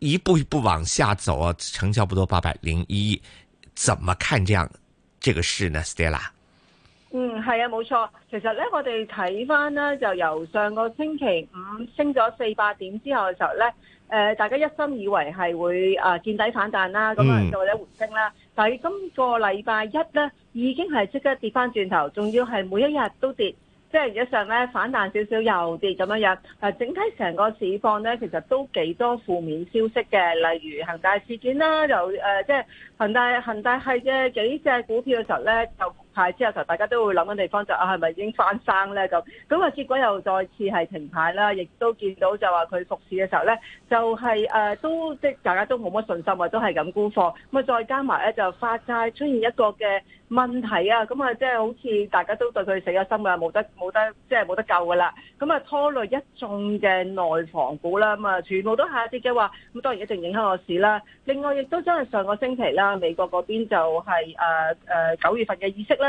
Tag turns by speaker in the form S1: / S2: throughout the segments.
S1: 一步一步往下走啊，成交不多八百零一億，怎麼看這樣這個事呢？Stella，
S2: 嗯，係啊，冇錯，其實咧我哋睇翻咧就由上個星期五升咗四百點之後嘅時候咧，誒、呃，大家一心以為係會誒見、呃、底反彈啦，咁啊或者回升啦，嗯、但係今個禮拜一咧已經係即刻跌翻轉頭，仲要係每一日都跌。即係一上咧反彈少少又跌咁樣樣，誒整體成個市況咧，其實都幾多負面消息嘅，例如恒大事件啦，又、呃、即係恒大恒大係嘅幾隻股票嘅時候咧就。派之後頭，大家都會諗緊地方就啊，係咪已經翻生咧？咁咁啊，結果又再次係停牌啦，亦都見到就話佢復市嘅時候咧，就係誒都即係大家都冇乜信心啊，都係咁沽貨。咁啊，再加埋咧就發債出現一個嘅問題啊，咁啊即係好似大家都對佢死咗心嘅，冇得冇得即係冇得救嘅啦。咁啊拖累一眾嘅內房股啦，咁啊全部都下跌嘅話，咁當然一定影響個市啦。另外亦都將係上個星期啦，美國嗰邊就係誒誒九月份嘅議息咧。啊！議息完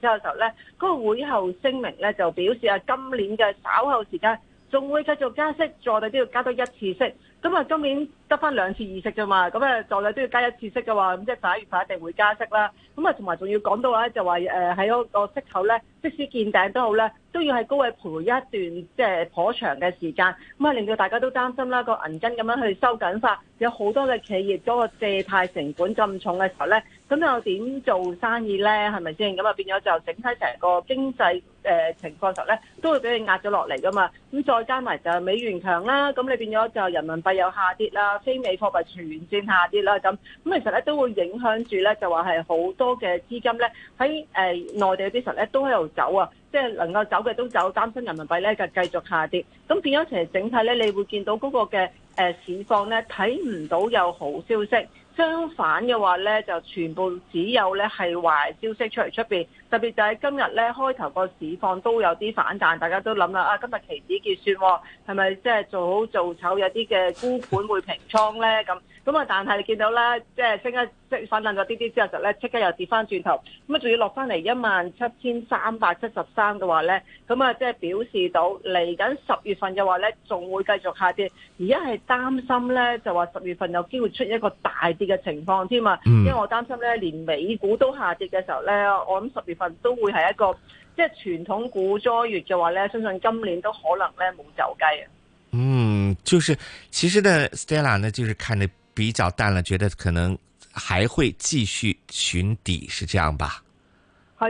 S2: 之後，嘅時候咧，嗰、那個會後聲明咧就表示啊，今年嘅稍後時間仲會繼續加息，再我哋都要加多一次息。咁啊，今年。得翻兩次議息啫嘛，咁誒在內都要加一次息嘅話，咁即係十一月份一定會加息啦。咁啊，同埋仲要講到咧，就話誒喺嗰個息口咧，即使見頂都好咧，都要喺高位徘徊一段即係、就是、頗長嘅時間，咁係令到大家都擔心啦。個銀根咁樣去收緊法，有好多嘅企業嗰、嗰個借貸成本咁重嘅時候咧，咁又點做生意咧？係咪先？咁啊變咗就整體成個經濟誒情況時候咧，都會俾佢壓咗落嚟噶嘛。咁再加埋就美元強啦，咁你變咗就人民幣有下跌啦。非美貨幣全線下跌啦，咁咁其實咧都會影響住咧，就話係好多嘅資金咧喺誒內地嘅啲實咧都喺度走啊，即係能夠走嘅都走，擔心人民幣咧就繼續下跌，咁變咗其實整體咧，你會見到嗰個嘅誒市況咧睇唔到有好消息。相反嘅話咧，就全部只有咧係壞消息出嚟出面，特別就喺今日咧開頭個市況都有啲反彈，大家都諗啦啊，今日期指結算，係咪即係做好做醜有啲嘅沽盤會平倉咧？咁。咁啊，但係你見到咧，即係升，即升一即係反彈咗啲啲之後就呢，就咧即刻又跌翻轉頭，咁啊，仲要落翻嚟一萬七千三百七十三嘅話咧，咁啊，即係表示到嚟緊十月份嘅話咧，仲會繼續下跌，而家係擔心咧，就話十月份有機會出一個大跌嘅情況添啊，因為我擔心咧，連美股都下跌嘅時候咧，我諗十月份都會係一個即係傳統股災月嘅話咧，相信今年都可能咧冇走雞
S1: 啊。嗯，就是其實呢，Stella 呢，就是看你。比較淡啦，覺得可能還會繼續尋底，是這樣吧？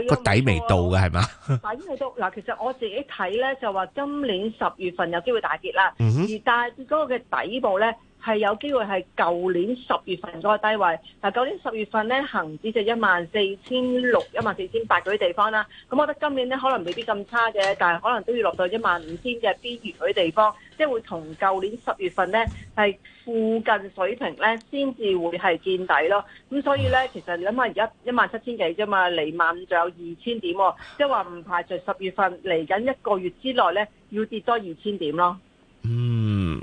S2: 個底未到嘅係嘛？底未到嗱，其實我自己睇咧就話今年十月份有機會大跌啦，嗯，而但係嗰個嘅底部咧。係有機會係舊年十月份嗰個低位，但係舊年十月份咧，恒指就一萬四千六、一萬四千八嗰啲地方啦。咁我覺得今年咧可能未必咁差嘅，但係可能都要落到一萬五千嘅邊緣嗰啲地方，即係會同舊年十月份咧係附近水平咧先至會係見底咯。咁所以咧，其實你諗下而家一萬七千幾啫嘛，離萬五仲有二千點，即係話唔排除十月份嚟緊一個月之內咧要跌多二千點咯。嗯。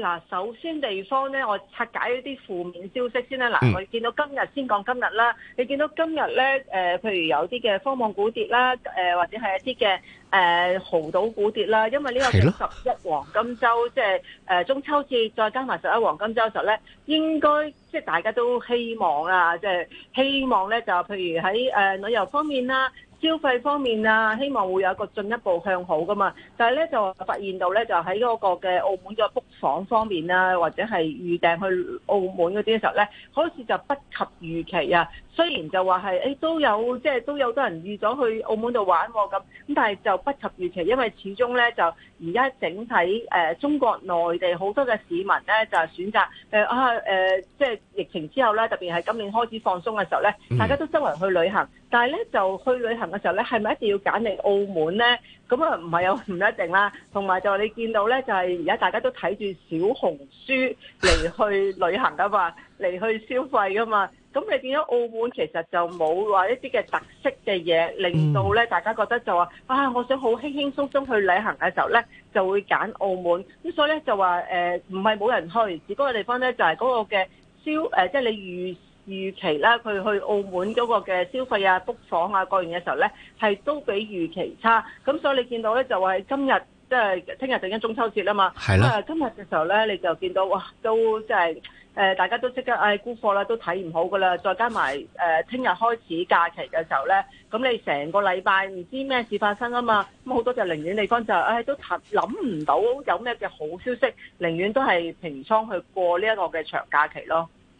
S2: 嗱，首先地方咧，我拆解了一啲負面消息先啦。嗱、嗯，我見到今日先講今日啦。你見到今日咧，誒、呃，譬如有啲嘅科網股跌啦，誒、呃，或者係一啲嘅誒濠賭股跌啦。因為呢個十一黃金週，即係誒、呃、中秋節，再加埋十一黃金週嘅時候咧，應該即係大家都希望啊，即、就、係、是、希望咧，就譬如喺誒、呃、旅遊方面啦。消費方面啊，希望會有一個進一步向好㗎嘛，但係咧就發現到咧就喺嗰個嘅澳門嘅 book 房方面啊，或者係預訂去澳門嗰啲嘅時候咧，開始就不及預期啊。雖然就話係誒都有即係、就是、都有多人預咗去澳門度玩喎、啊，咁咁但係就不及預期，因為始終咧就而家整體誒、呃、中國內地好多嘅市民咧就選擇誒啊即係疫情之後咧，特別係今年開始放鬆嘅時候咧，大家都周圍去旅行。但係咧就去旅行嘅時候咧，係咪一定要揀嚟澳門咧？咁啊唔係有唔一定啦。同埋就你見到咧，就係而家大家都睇住小紅書嚟去旅行噶嘛，嚟去消費噶嘛。咁你點解澳門其實就冇話一啲嘅特色嘅嘢，令到咧大家覺得就話啊，我想好輕輕鬆鬆去旅行嘅時候咧，就會揀澳門。咁所以咧就話誒，唔係冇人去，只不過地方咧就係、是、嗰個嘅消誒、呃，即係你預。預期啦，佢去澳門嗰個嘅消費啊、book 房啊、過完嘅時候咧，係都比預期差。咁所以你見到咧，就話、是、今日即係聽日就緊中秋節啊嘛。係啦、呃。今日嘅時候咧，你就見到哇，都即係誒，大家都即刻誒沽、哎、貨啦，都睇唔好噶啦。再加埋誒，聽、呃、日開始假期嘅時候咧，咁你成個禮拜唔知咩事發生啊嘛。咁好多就寧願地方就誒、是哎、都諗唔到有咩嘅好消息，寧願都係平倉去過呢一個嘅長假期咯。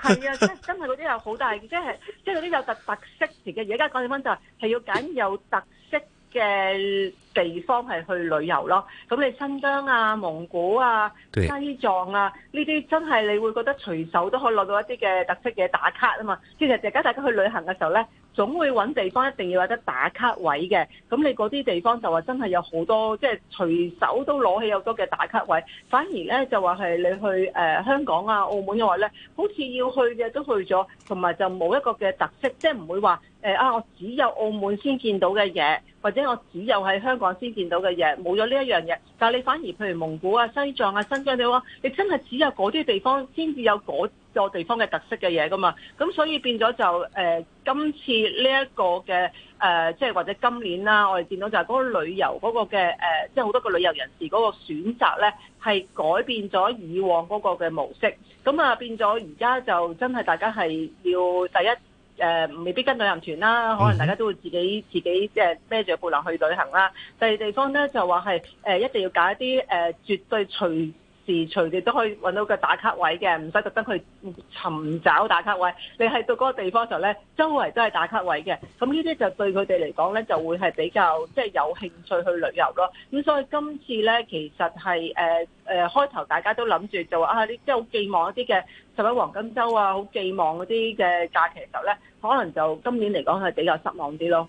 S2: 係啊，即係真係嗰啲有好大，即係即係嗰啲有特特色嚟嘅，而家講起翻就係，係要揀有特嘅地方係去旅遊咯，咁你新疆啊、蒙古啊、西藏啊呢啲真係你會覺得隨手都可以攞到一啲嘅特色嘅打卡啊嘛，其實而家大家去旅行嘅時候咧，總會揾地方一定要有得打卡位嘅，咁你嗰啲地方就話真係有好多即係隨手都攞起有多嘅打卡位，反而咧就話係你去、呃、香港啊、澳門嘅話咧，好似要去嘅都去咗，同埋就冇一個嘅特色，即係唔會話。誒啊！我只有澳門先見到嘅嘢，或者我只有喺香港先見到嘅嘢，冇咗呢一樣嘢。但係你反而譬如蒙古啊、西藏啊、新疆啲話，你，你真係只有嗰啲地方先至有嗰個地方嘅特色嘅嘢噶嘛？咁所以變咗就誒、呃，今次呢一個嘅誒、呃，即係或者今年啦、啊，我哋見到就係嗰個旅遊嗰個嘅誒、呃，即係好多個旅遊人士嗰個選擇咧，係改變咗以往嗰個嘅模式。咁啊，變咗而家就真係大家係要第一。誒、呃、未必跟旅行團啦，可能大家都會自己自己即係孭著背囊去旅行啦。第二，地方咧就話係誒一定要揀一啲誒、呃、絕對隨隨時隨地都可以搵到個打卡位嘅，唔使特登去尋找打卡位。你喺到嗰個地方時候咧，周圍都係打卡位嘅。咁呢啲就對佢哋嚟講咧，就會係比較即係、就是、有興趣去旅遊咯。咁所以今次咧，其實係誒誒開頭大家都諗住做啊，你即係好寄望一啲嘅十一黃金週啊，好寄望嗰啲嘅假期時候咧，可能就今年嚟講係比較失望啲咯。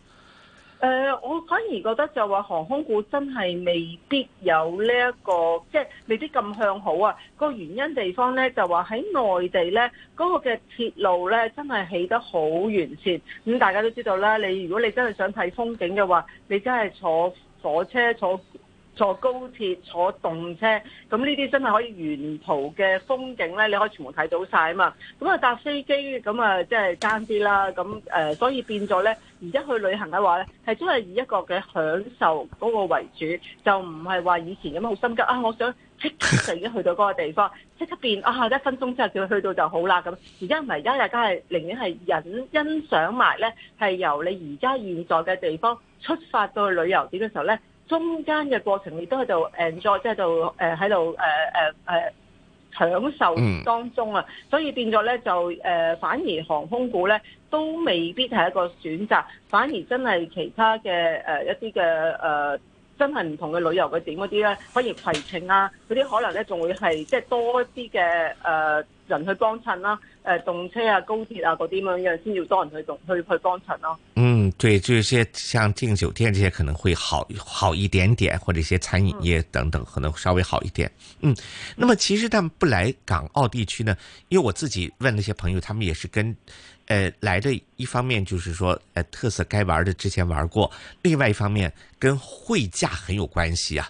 S2: 誒、呃，我反而覺得就話航空股真係未必有呢、這、一個，即係未必咁向好啊。個原因地方呢，就話喺內地呢，嗰、那個嘅鐵路呢，真係起得好完善。咁、嗯、大家都知道啦，你如果你真係想睇風景嘅話，你真係坐火車坐車坐。坐高鐵、坐動車，咁呢啲真係可以沿途嘅風景咧，你可以全部睇到晒啊嘛。咁啊搭飛機，咁啊即係爭啲啦。咁誒、呃，所以變咗咧，而家去旅行嘅話咧，係真係以一個嘅享受嗰個為主，就唔係話以前咁樣好心急啊，我想即刻就已經去到嗰個地方，即刻變啊一分鐘之後就去到就好啦咁。而家唔係，而家大家係寧願係忍欣賞埋咧，係由你而家現在嘅地方出發到去旅遊點嘅時候咧。中間嘅過程亦都喺度，誒再即係喺度，誒喺度，誒誒誒享受當中啊！所以變咗咧，就、呃、誒反而航空股咧都未必係一個選擇，反而真係其他嘅誒、呃、一啲嘅誒真係唔同嘅旅遊嘅點嗰啲咧，可以攜程啊嗰啲可能咧仲會係即係多一啲嘅誒。呃人去幫襯啦，誒，動車啊、高鐵啊嗰啲咁樣樣先要多
S1: 人去去去幫襯咯。嗯，對，就一些像訂酒店這些可能會好好一點點，或者一些餐飲業等等、嗯，可能稍微好一點。嗯，那麼其實但不來港澳地區呢？因為我自己問那些朋友，他們也是跟誒、呃、來的一方面就是說誒、呃，特色該玩的之前玩過；另外一方面跟匯價,很有關係啊。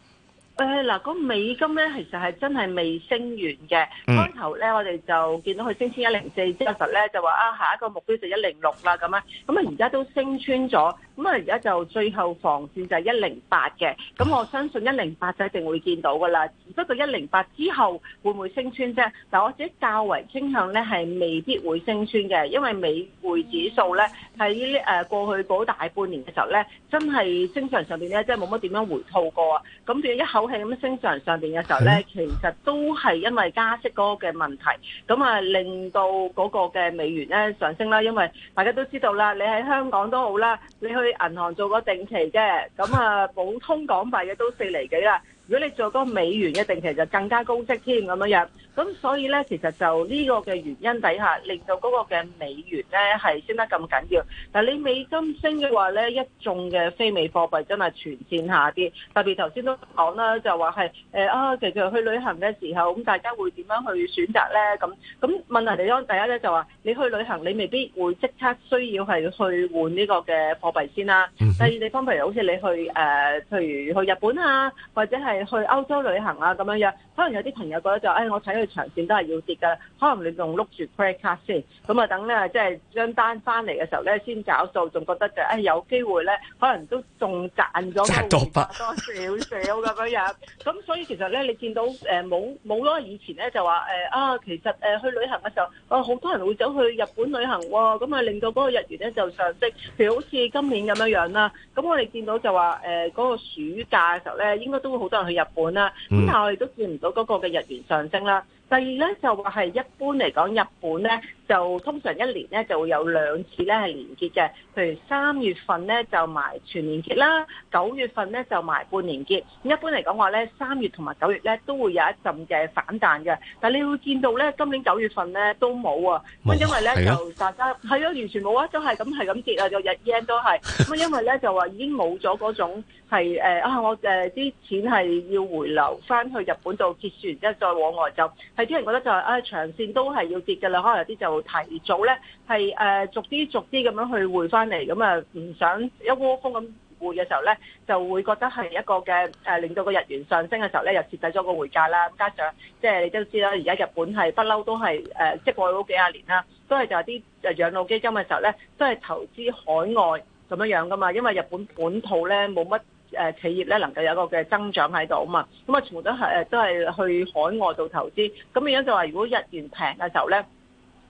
S2: 誒嗱，個美金咧，其實係真係未升完嘅。開頭咧，我哋就見到佢升穿一零四之後咧，就話啊，下一個目標就一零六啦咁啊。咁啊，而家都升穿咗，咁啊，而家就最後防線就係一零八嘅。咁我相信一零八就一定會見到㗎啦。不過一零八之後會唔會升穿啫？但，我自己較為傾向咧係未必會升穿嘅，因為美匯指數咧喺誒過去嗰大半年嘅時候咧，真係升場上邊咧，即係冇乜點樣回吐過。咁變一口。喺咁升上上邊嘅時候咧，其實都係因為加息嗰個嘅問題，咁啊令到嗰個嘅美元咧上升啦。因為大家都知道啦，你喺香港都好啦，你去銀行做個定期嘅，咁啊普通港幣嘅都四厘幾啦。如果你做嗰個美元，一定其實更加高息添咁樣樣，咁所以咧，其實就呢個嘅原因底下，令到嗰個嘅美元咧係升得咁緊要。但係你美金升嘅話咧，一眾嘅非美貨幣真係全線下跌。特別頭先都講啦，就話係、呃、啊，其實去旅行嘅時候，咁大家會點樣去選擇咧？咁咁問題地方第一咧就話你去旅行，你未必會即刻需要係去換呢個嘅貨幣先啦。 第二地方，譬如好似你去誒，譬、呃、如去日本啊，或者係。去歐洲旅行啊咁樣樣，可能有啲朋友覺得就誒、哎，我睇佢長線都係要跌㗎，可能你仲碌住 credit 卡先，咁啊等咧，即係張單翻嚟嘅時候咧，先找數，仲覺得就誒、哎、有機會咧，可能都仲賺咗賺多少少咁樣樣。咁所以其實咧，你見到誒冇冇咯？呃、以前咧就話誒、呃、啊，其實誒去旅行嘅時候啊，好、呃、多人會走去日本旅行喎，咁、哦、啊令到嗰個日元咧就上升。譬如好似今年咁樣樣啦，咁我哋見到就話誒嗰個暑假嘅時候咧，應該都會好多人去。日本啦，咁但係我哋都見唔到嗰個嘅日元上升啦。第二咧就話、是、係一般嚟講，日本咧就通常一年咧就會有兩次咧係連結嘅。譬如三月份咧就埋全年結啦，九月份咧就埋半年結。一般嚟講話咧，三月同埋九月咧都會有一陣嘅反彈嘅。但你會見到咧，今年九月份咧都冇啊。咁、嗯、因為咧、啊、就大家係啊，完全冇啊，都係咁係咁跌啊，就日 y 都係。咁因為咧就話已經冇咗嗰種係啊、呃，我誒啲、呃、錢係要回流翻去日本度結算，然之後再往外走。有啲人覺得就係啊，長線都係要跌嘅啦，可能有啲就提早咧，係誒、呃、逐啲逐啲咁樣去匯翻嚟，咁啊唔想一窩蜂咁匯嘅時候咧，就會覺得係一個嘅誒、呃、令到個日元上升嘅時候咧，又設定咗個匯價啦，加上即係、就是、你都知啦，而家日本係不嬲都係誒、呃，即係過去幾廿年啦，都係就係啲誒養老基金嘅時候咧，都係投資海外咁樣樣噶嘛，因為日本本土咧冇乜。誒企業咧能夠有一個嘅增長喺度啊嘛，咁啊全部都係誒都係去海外做投資，咁樣就話如果日元平嘅時候咧，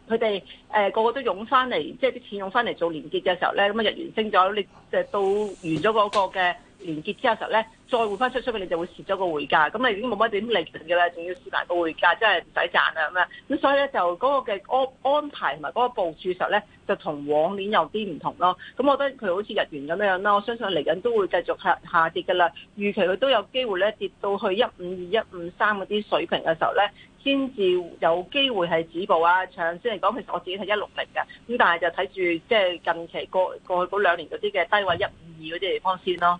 S2: 佢哋誒個個都湧翻嚟，即係啲錢湧翻嚟做連結嘅時候咧，咁啊日元升咗，你誒到完咗嗰個嘅。連結之後嘅時候咧，再換翻出出去，你就會蝕咗個匯價，咁你已經冇乜點利潤嘅啦，仲要蝕埋個匯價，真係唔使賺啦，咁，咁所以咧就嗰個嘅安排同埋嗰個部署時候咧，就同往年有啲唔同咯。咁我覺得佢好似日元咁樣啦，我相信嚟緊都會繼續下下跌㗎啦。預期佢都有機會咧跌到去一五二、一五三嗰啲水平嘅時候咧，先至有機會係止步啊！長線嚟講，其實我自己係一六零嘅，咁但係就睇住即係近期過過去嗰兩年嗰啲嘅低位一五二嗰啲地方先咯。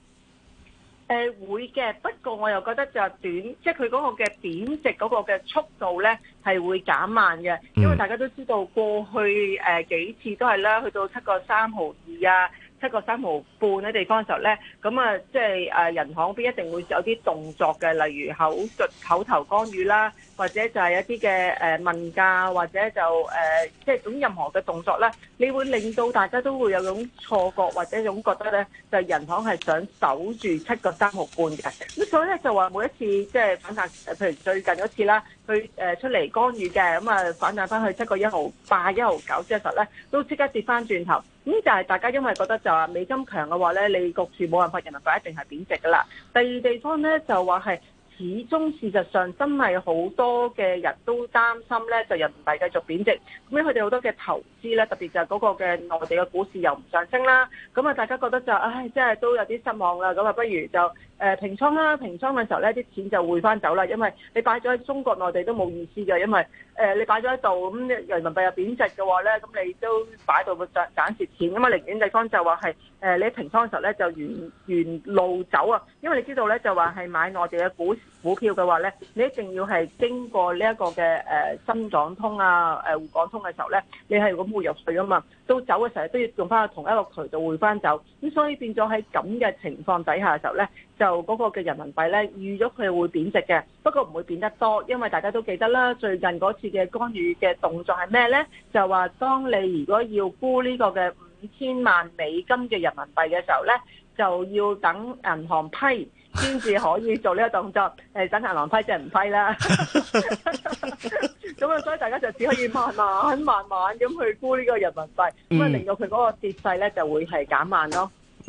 S2: 誒會嘅，不過我又覺得就短，即係佢嗰個嘅貶值嗰個嘅速度咧，係會減慢嘅，因為大家都知道過去誒、呃、幾次都係啦，去到七個三毫二啊，七個三毫半嘅地方嘅時候咧，咁啊、就是，即係誒人行邊一定會有啲動作嘅，例如口述口頭干預啦。或者就係一啲嘅誒問價，或者就誒即係種任何嘅動作咧，你會令到大家都會有一種錯覺，或者有一種覺得咧，就係、是、人行係想守住七個三毫半嘅。咁所以咧就話每一次即係反彈，譬如最近一次啦，佢、呃、出嚟干預嘅，咁啊反彈翻去七個一毫八、一毫九，即係實咧都即刻跌翻轉頭。咁就係大家因為覺得就話美金強嘅話咧，你焗住冇辦法人民幣一定係貶值噶啦。第二地方咧就話係。始終事實上真係好多嘅人都擔心咧，就人民幣繼續貶值，咁樣佢哋好多嘅投資咧，特別就係嗰個嘅內地嘅股市又唔上升啦，咁啊大家覺得就唉，即係都有啲失望啦，咁啊不如就誒平倉啦，平倉嘅時候咧啲錢就匯翻走啦，因為你擺咗喺中國內地都冇意思嘅，因為。誒，你擺咗喺度咁，人民幣又貶值嘅話咧，咁你都擺到會賺賺蝕錢。咁啊，另一地方就話係誒，你平倉嘅時候咧，就沿路走啊。因為你知道咧，就話係買內地嘅股股票嘅話咧，你一定要係經過呢一個嘅誒深港通啊、滬港通嘅時候咧，你係會匯入去啊嘛。到走嘅時候都要用翻去同一個渠道匯翻走，咁所以變咗喺咁嘅情況底下嘅時候咧。就嗰個嘅人民幣咧，預咗佢會貶值嘅，不過唔會貶得多，因為大家都記得啦，最近嗰次嘅干預嘅動作係咩咧？就話當你如果要沽呢個嘅五千萬美金嘅人民幣嘅時候咧，就要等銀行批先至可以做呢個動作。誒，等銀行批即係唔批啦。咁啊，所以大家就只可以慢慢慢慢咁去沽呢個人民幣，咁啊令到佢嗰個跌勢咧就會係減慢咯。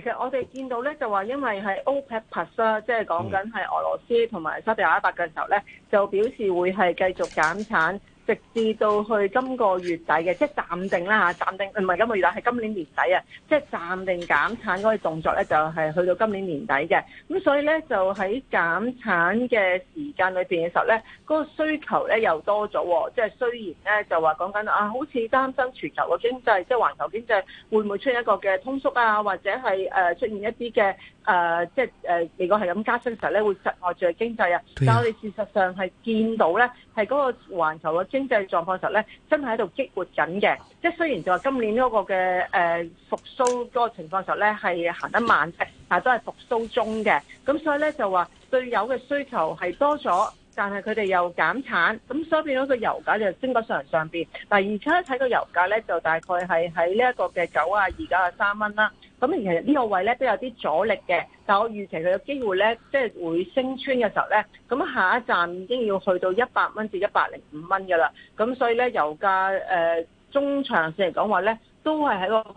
S2: 其實我哋見到咧，就話因為係 OPEC Plus 啦，即係講緊係俄羅斯同埋沙特阿拉伯嘅時候咧，就表示會係繼續減產。直至到去今個月底嘅，即係暫定啦嚇，暫定唔係今個月底，係今年年底啊！即係暫定減產嗰個動作咧，就係去到今年年底嘅。咁所以咧，就喺減產嘅時間裏邊嘅時候咧，嗰個需求咧又多咗喎。即係雖然咧就話講緊啊，好似擔心全球嘅經濟，即係環球經濟會唔會出現一個嘅通縮啊，或者係誒出現一啲嘅誒，即係誒、呃、如果係咁加息嘅時候咧，會實害住經濟啊。但我哋事實上係見到咧，係嗰個環球嘅。經濟狀況時候咧，真係喺度激活緊嘅，即係雖然就話今年嗰個嘅誒復甦嗰個情況時候咧係行得慢，但係都係復甦中嘅，咁所以咧就話對油嘅需求係多咗。但係佢哋又減產，咁所以變咗個油價就升咗上上邊。但而且睇個油價咧就大概係喺呢一個嘅九啊二、九啊三蚊啦。咁其實呢個位咧都有啲阻力嘅，但我預期佢有機會咧即係會升穿嘅時候咧，咁下一站已經要去到一百蚊至一百零五蚊㗎啦。咁所以咧油價誒中長線嚟講話咧，都係喺個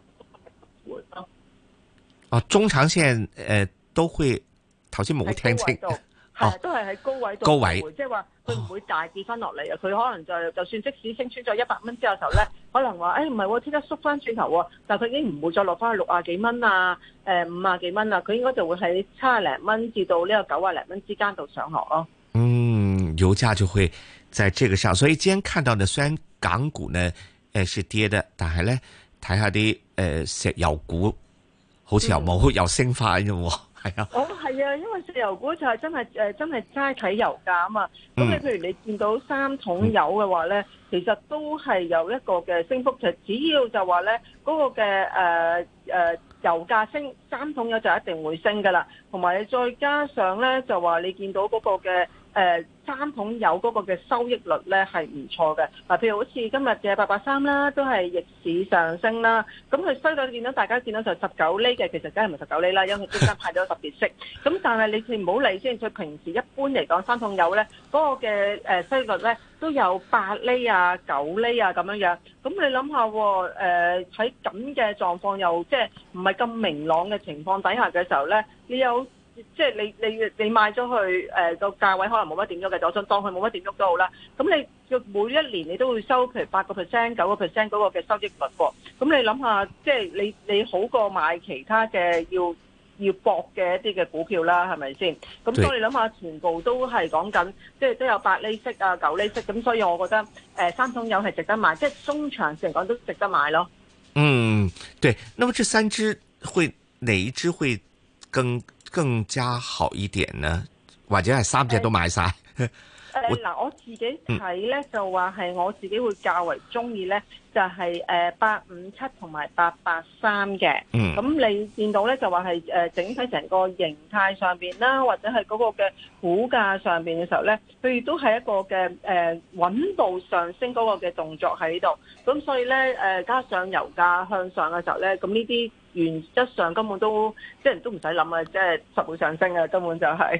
S1: 哦中長線誒都會頭先冇聽清。哦係都
S2: 係喺高位度，即係話佢唔會大跌翻落嚟啊！佢、哦、可能就就算即使升穿咗一百蚊之後嘅時候咧、哦，可能話誒唔係喎，哎、唔係即刻縮翻轉頭喎，但係佢已經唔會再落翻去六啊幾蚊啊、誒五啊幾蚊啊，佢應該就會喺七啊零蚊至到呢個九啊零蚊之間度上落
S1: 咯。嗯，油價就會喺這個上，所以今日看到呢，雖然港股呢誒、呃、是跌的，但係咧睇下啲誒石油股好似又冇又升翻啫喎。嗯嗯
S2: 哦，係啊，因為石油股就係真係誒，真係齋睇油價啊嘛。咁你譬如你見到三桶油嘅話咧、嗯，其實都係有一個嘅升幅，就、嗯、只要就話咧嗰個嘅誒誒油價升，三桶油就一定會升噶啦。同埋你再加上咧，就話你見到嗰個嘅。誒、呃、三桶油嗰個嘅收益率咧係唔錯嘅，嗱、啊、譬如好似今日嘅八八三啦，都係逆市上升啦。咁佢收益率見到大家見到，到就十九厘嘅，其實梗係唔係十九厘啦，因為中間派咗特別息。咁但係你唔好理先，佢平時一般嚟講三桶油咧嗰個嘅誒收益率咧都有八厘啊九厘啊咁樣樣。咁你諗下、啊，誒喺咁嘅狀況又即係唔係咁明朗嘅情況底下嘅時候咧，你有？即係你，你你買咗去誒個、呃、價位，可能冇乜點喐嘅。我想當佢冇乜點喐都好啦。咁你嘅每一年你都會收譬如八個 percent、九個 percent 嗰個嘅收益率噃。咁你諗下，即係你你好過買其他嘅要要搏嘅一啲嘅股票啦，係咪先？咁當你諗下，全部都係講緊，即係都有八厘息啊、九厘息咁，所以我覺得誒、呃、三桶油係值得買，即係中長線嚟講都值得買咯。嗯，
S1: 對。那麼，這三支會哪一支會更？更加好一點呢？或者係三隻都買晒。哎
S2: 誒，嗱，我自己睇咧就話係我自己會較為中意咧，就係誒八五七同埋八八三嘅。咁你見到咧就話係誒整體成個形態上面啦，或者係嗰個嘅股價上面嘅時候咧，佢亦都係一個嘅誒穩步上升嗰個嘅動作喺度。咁所以咧誒加上油價向上嘅時候咧，咁呢啲原則上根本都即係都唔使諗啊，即係實會上升啊，根本就係。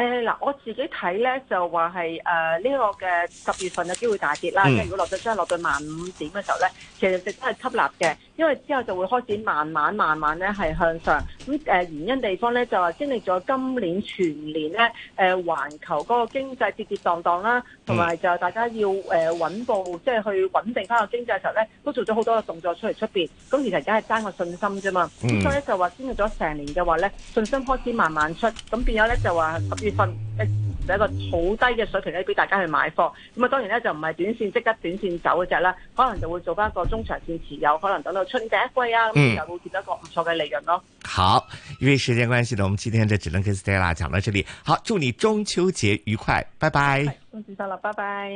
S2: 誒、哎、嗱，我自己睇咧就話係誒呢個嘅十月份嘅機會大跌啦。即、嗯、係如果落咗真係落到萬五點嘅時候咧，其實係真係吸納嘅，因為之後就會開始慢慢慢慢咧係向上。咁原因地方咧就話經歷咗今年全年咧誒，呃、環球嗰個經濟跌跌蕩蕩啦，同埋就大家要誒、呃、穩步，即係去穩定翻個經濟嘅時候咧，都做咗好多嘅動作出嚟出面。咁其實而家係爭個信心啫嘛、嗯，所以就話經歷咗成年嘅話咧，信心開始慢慢出，咁變咗咧就話十月份、欸就一個好低嘅水平咧，俾大家去買貨。咁啊，當然咧就唔係短綫即刻短綫走嗰隻啦，可能就會做翻一個中長綫持有，可能等到春第一季啊，咁、嗯、又會見到一個唔錯嘅利潤咯。
S1: 好，因為時間關係咧，我們今天就只能跟 Stella 講到這裏。好，祝你中秋節愉快，拜拜。
S2: 拜拜。